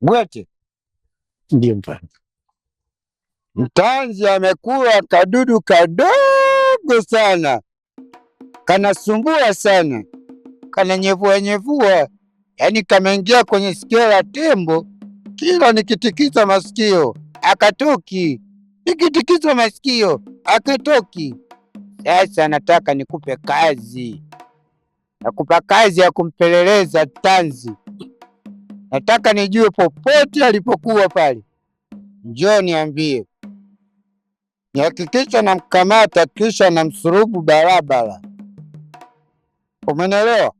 Bwete ndio mfano. Mtanzi amekuwa kadudu kadogo sana, kanasumbua sana, kananyevua nyevua, yaani kameingia kwenye sikio la tembo, kila nikitikisa masikio akatoki, nikitikiza masikio akatoki. Sasa nataka nikupe kazi, nakupa kazi ya kumpeleleza Tanzi. Nataka nijue popote alipokuwa pale, njoo niambie, nihakikisha namkamata kisha namsurubu barabara. Umenielewa?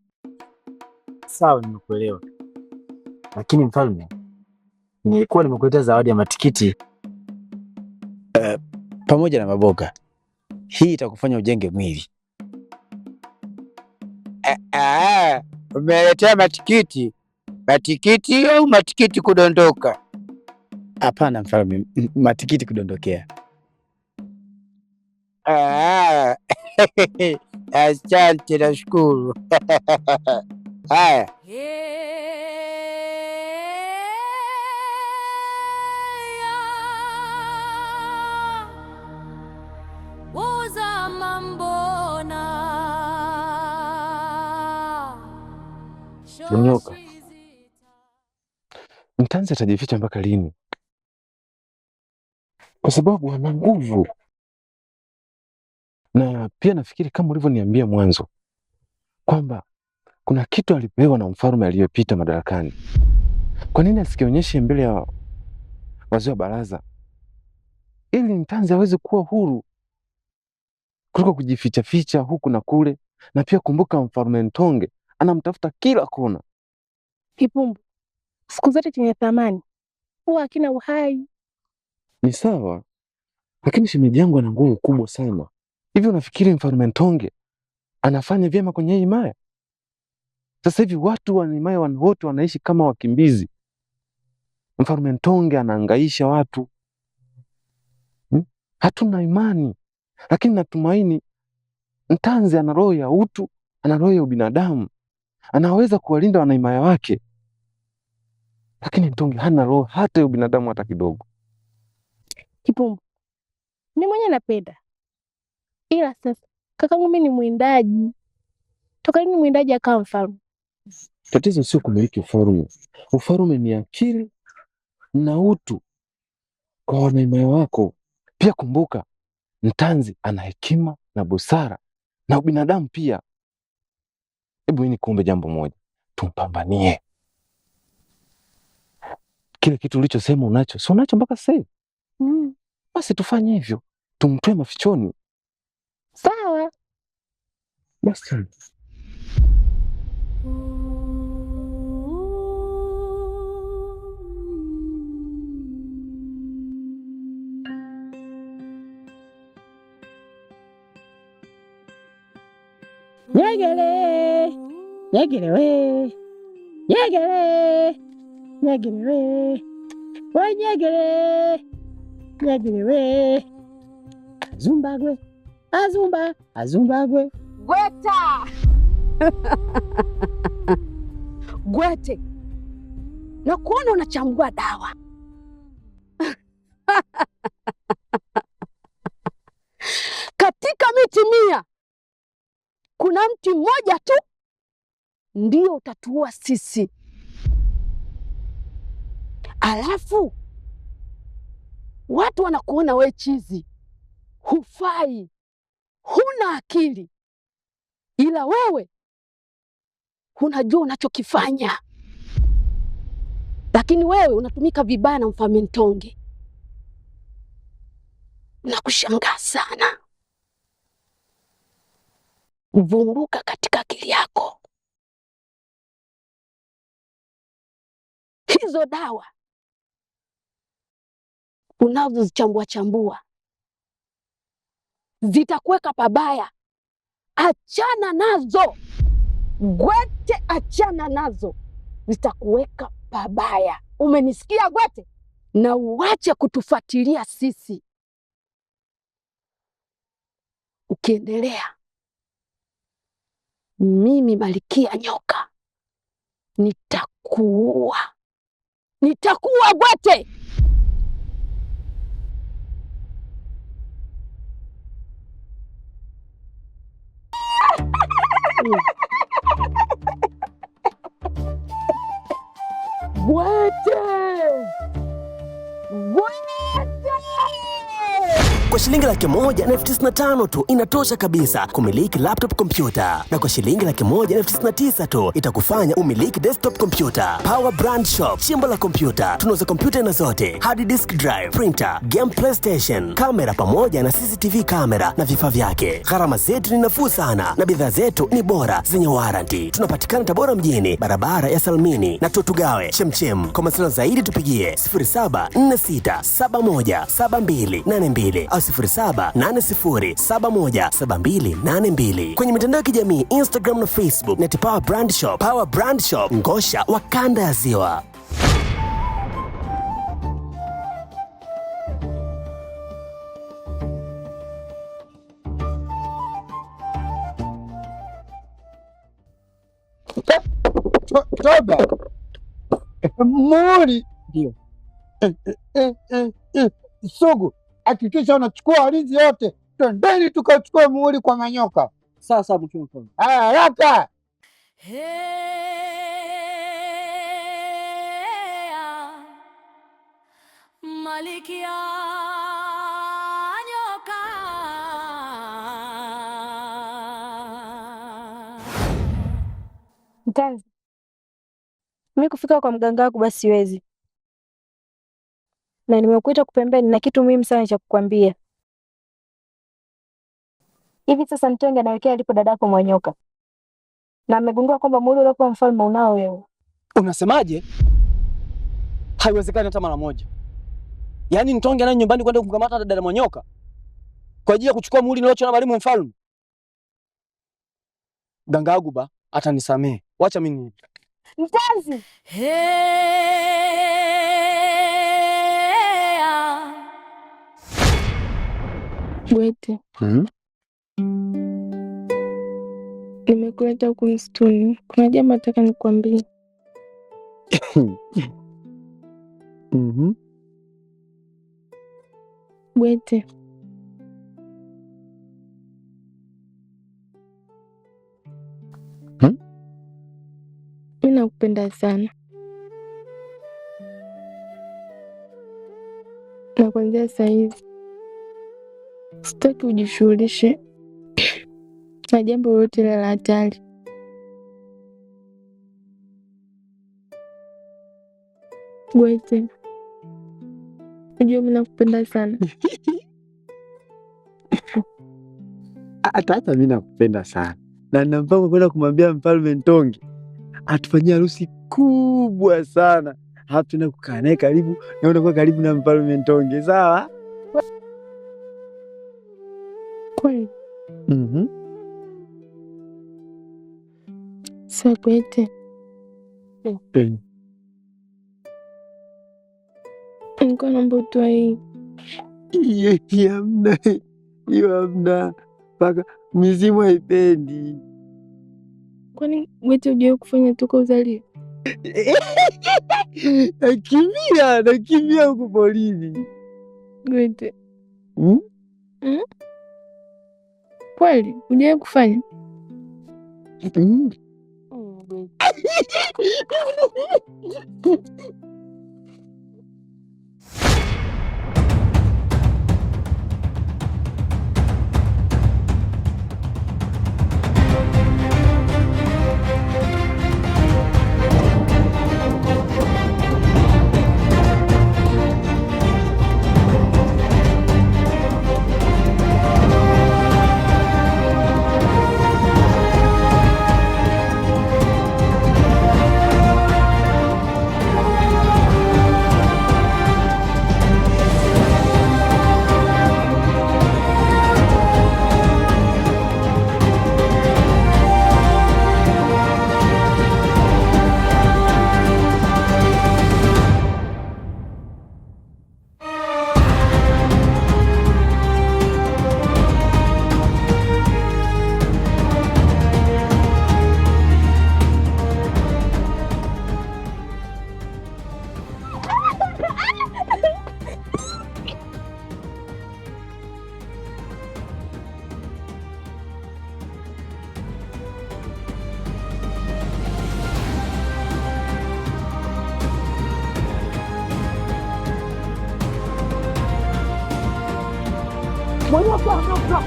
Sawa, nimekuelewa. Lakini mfalme, nilikuwa nimekuletea zawadi ya matikiti uh, pamoja na maboga. Hii itakufanya ujenge mwili. Eh, eh, Umeletea matikiti matikiti au matikiti kudondoka? Hapana mfalme, matikiti kudondokea. Ah, asante, nashukuru. Haya, Nyuka mtanzi atajificha mpaka lini? Kwa sababu ana nguvu, na pia nafikiri kama ulivyoniambia mwanzo kwamba kuna kitu alipewa na mfalme aliyepita madarakani. Kwa nini asikionyeshe mbele ya wazee wa baraza ili mtanzi aweze kuwa huru kuliko kujifichaficha huku na kule? Na pia kumbuka, mfalme Ntonge anamtafuta kila kona. Kipumbu, siku zote chenye thamani huwa hakina uhai. Ni sawa, lakini shemeji yangu ana nguvu kubwa sana. Hivi unafikiri mfalme Ntonge anafanya vyema kwenye himaya? Sasa hivi watu wa himaya wote wanaishi kama wakimbizi. Mfalme Ntonge anaangaisha watu hmm? Hatuna imani, lakini natumaini Ntanzi ana roho ya utu, ana roho ya ubinadamu, anaweza kuwalinda wanahimaya wake lakini mtungi hana roho hata yo binadamu hata kidogo. Kipumbu, mi mwenye napenda, ila sasa kakangu mi ni mwindaji toka lini mwindaji akawa mfalme? Tatizo sio kumiliki ufalme, ufalme ni akili na utu kwa wanaimaya wako. Pia kumbuka, mtanzi ana hekima na busara na ubinadamu pia. Hebu ni kumbe jambo moja, tumpambanie kile kitu ulichosema unacho, si unacho mpaka sasa hivi? Mm. Basi tufanye hivyo, tumtoe mafichoni. Sawa basi. Yegele, yegele we, nyegere we we nyegere nyegere we azumba gwe azumba azumba gwe gweta gwete na kuona unachambua dawa katika miti mia kuna mti mmoja tu ndio utatuua sisi alafu watu wanakuona we chizi, hufai, huna akili, ila wewe unajua unachokifanya, lakini wewe unatumika vibaya na Mfalme Ntonge. Nakushangaa sana, vumbuka katika akili yako. Hizo dawa unavyozichambua chambua zitakuweka pabaya. Achana nazo Gwete, achana nazo, zitakuweka pabaya. Umenisikia Gwete? Na uache kutufuatilia sisi. Ukiendelea, mimi malikia Nyoka nitakuua, nitakuua Gwete. wow. Kwa shilingi laki moja na elfu tisini na tano tu inatosha kabisa kumiliki laptop kompyuta, na kwa shilingi laki moja na elfu tisini na tisa tu itakufanya umiliki desktop kompyuta. Power Brand Shop, chimbo la kompyuta. Tunauza kompyuta na zote, hard disk drive, printer, game playstation, kamera pamoja na CCTV kamera na vifaa vyake. Gharama zetu ni nafuu sana na bidhaa zetu ni bora zenye waranti. Tunapatikana Tabora mjini, barabara ya Salmini na Tutugawe Chemchem. Kwa masuala zaidi tupigie 0746717282 078070717282 kwenye mitandao ya kijamii Instagram na Facebook neti Power Brand Shop. Power Brand Shop, ngosha wa kanda ya Ziwa. Toba mori eh, ndio eh, eh, sugu hakikisha unachukua walinzi yote twendeni tukachukue muhuri kwa manyoka. Sasa mtume, haya haraka Maliki ya kufika kwa mganga wako basi siwezi, na nimekuita kupembeni na kitu muhimu sana cha kukwambia. Hivi sasa mtenge anawekea alipo dadako Mwanyoka, na amegundua kwamba mwili uliokuwa mfalme unao wewe. Unasemaje? Haiwezekani hata mara moja. Yaani nitonge naye nyumbani kwenda kumkamata dada Mwanyoka kwa ajili ya kuchukua mwili nilochona mwalimu mfalme. Dangaguba atanisamee. Wacha mimi. Mtazi. Hey. Gwete, -hmm. Nimekuleta huku msituni, kuna jambo nataka nikwambie. mm -hmm. Gwete, hmm? Mi nakupenda sana na kuanzia saa hizi Sitaki ujishughulishe na jambo lolote la hatari. Gwete, ujua mimi nakupenda sana. Hata mi mimi nakupenda sana na nina mpango kwenda kumwambia Mfalme Ntonge atufanyia harusi kubwa sana, halafu kukaa naye karibu na unakuwa karibu na Mfalme Ntonge, sawa? kweli? mm-hmm. Sakwete okay. Mm. Niko naomba utwaii hiyo, hamna hiyo, amna, mpaka mizimu haipendi. Kwani wete ujawai kufanya toka uzaliwe? Nakimbia nakimbia huku polini, Gwete. hmm? hmm? Kweli hujawahi kufanya? Mm. Oh, Olha cá, olha cá.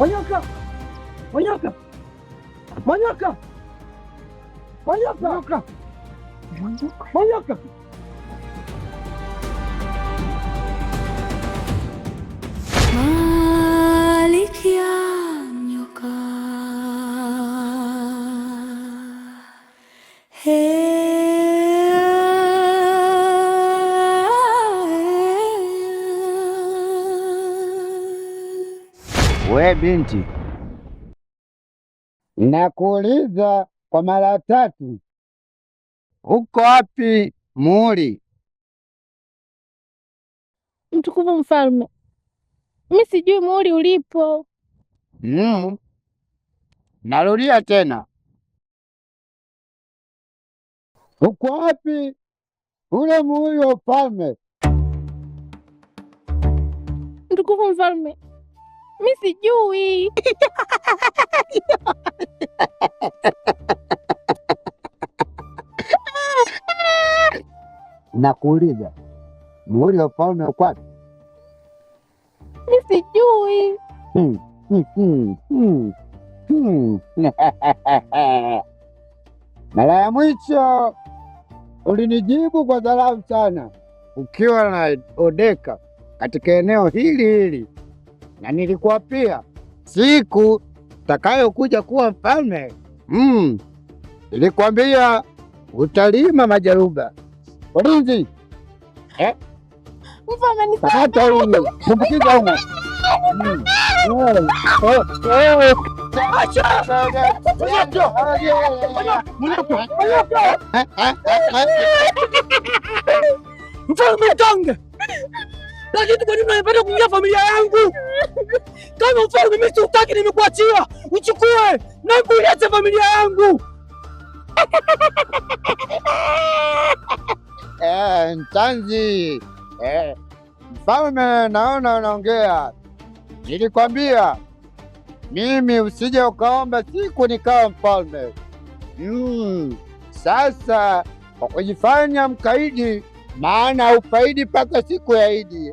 Olha cá. Olha cá. Olha cá. Olha cá. Olha cá. Olha cá. Hey. We binti, nakuuliza kwa mara tatu, uko wapi muhuri? Mtukufu mfalme, mimi sijui muhuri ulipo. Mm. Narudia tena, uko wapi ule muhuri wa ufalme? Mtukufu mfalme mi sijui. Nakuuliza, muhuri wa ufalme uko wapi? Mi sijui. Hmm, hmm, hmm, Mara ya mwisho ulinijibu kwa dharau sana ukiwa na Odeka katika eneo hili hili na nilikuapia siku takayokuja kuwa mfalme mm, nilikwambia utalima majaruba ulinzi eh? hata ume kumbukiza ume Mfalme Tonge lakini kwa nini unapenda kuingia familia yangu? Kama mfalme mimi sitaki, nimekuachia uchukue na kuiacha familia yangu. Eh, mtanzi eh, mfalme, naona unaongea. Nilikwambia mimi usije ukaomba siku nikawa mfalme. Mm, sasa kwa kujifanya mkaidi, maana ufaidi mpaka siku ya Idi.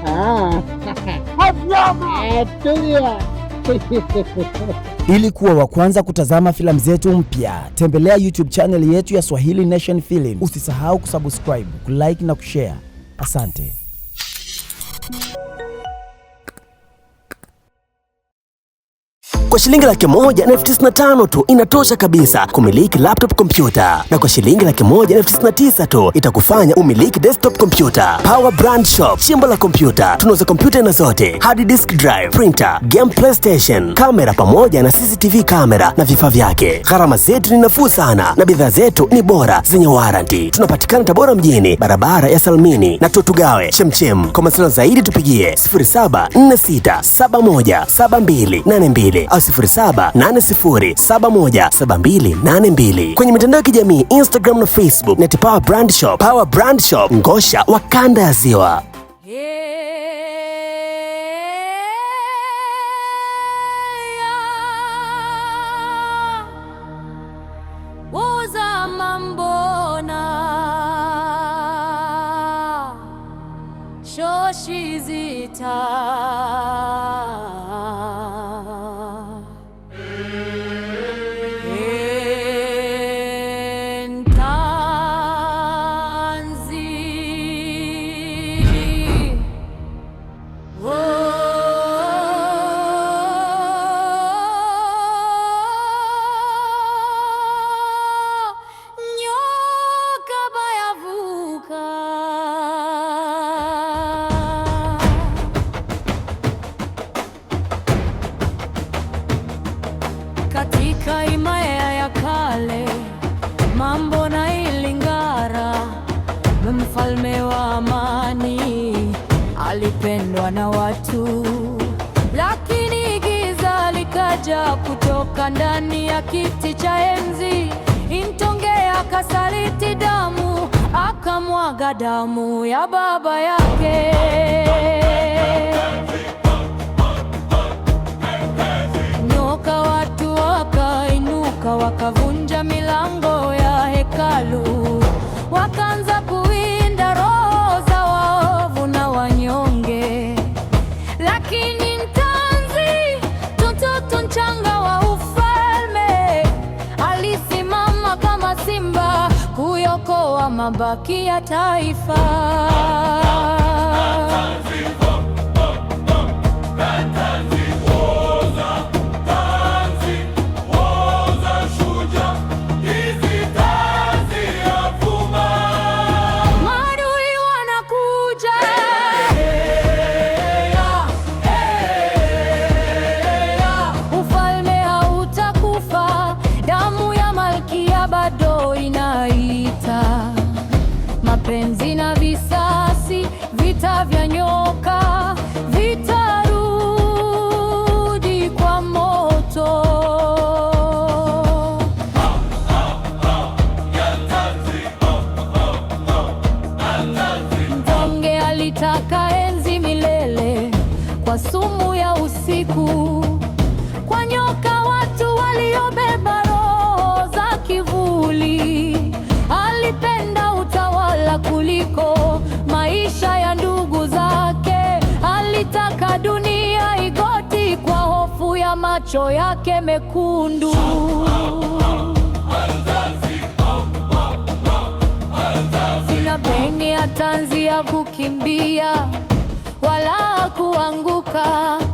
Ili kuwa wa kwanza kutazama filamu zetu mpya, tembelea YouTube channel yetu ya Swahili Nation Film. Usisahau kusubscribe, kulike na kushare. Asante. Kwa shilingi laki moja na elfu tisini na tano tu inatosha kabisa kumiliki laptop kompyuta, na kwa shilingi laki moja na elfu tisini na tisa tu itakufanya umiliki desktop kompyuta. Power Brand Shop, shimbo la kompyuta. Tunauza kompyuta na zote, hard disk drive, printer, game playstation, kamera pamoja na CCTV kamera na vifaa vyake. Gharama zetu ni nafuu sana na bidhaa zetu ni bora zenye waranti. Tunapatikana Tabora mjini, barabara ya Salmini na Tutugawe Chemchem. Kwa masuala zaidi tupigie 0746717282. 078070717282 kwenye mitandao ya kijamii Instagram na Facebook neti Power Brand Shop, Power Brand Shop Ngosha wa kanda ya Ziwa. Shoshi zita na watu, lakini giza likaja kutoka ndani ya kiti cha enzi. Intongea akasaliti damu, akamwaga damu ya baba yake. Nyoka watu wakainuka, wakavunja milango ya hekalu, wakaanza mabaki ya taifa. macho yake mekundu. Sina peni ya tanzi ya kukimbia wala kuanguka.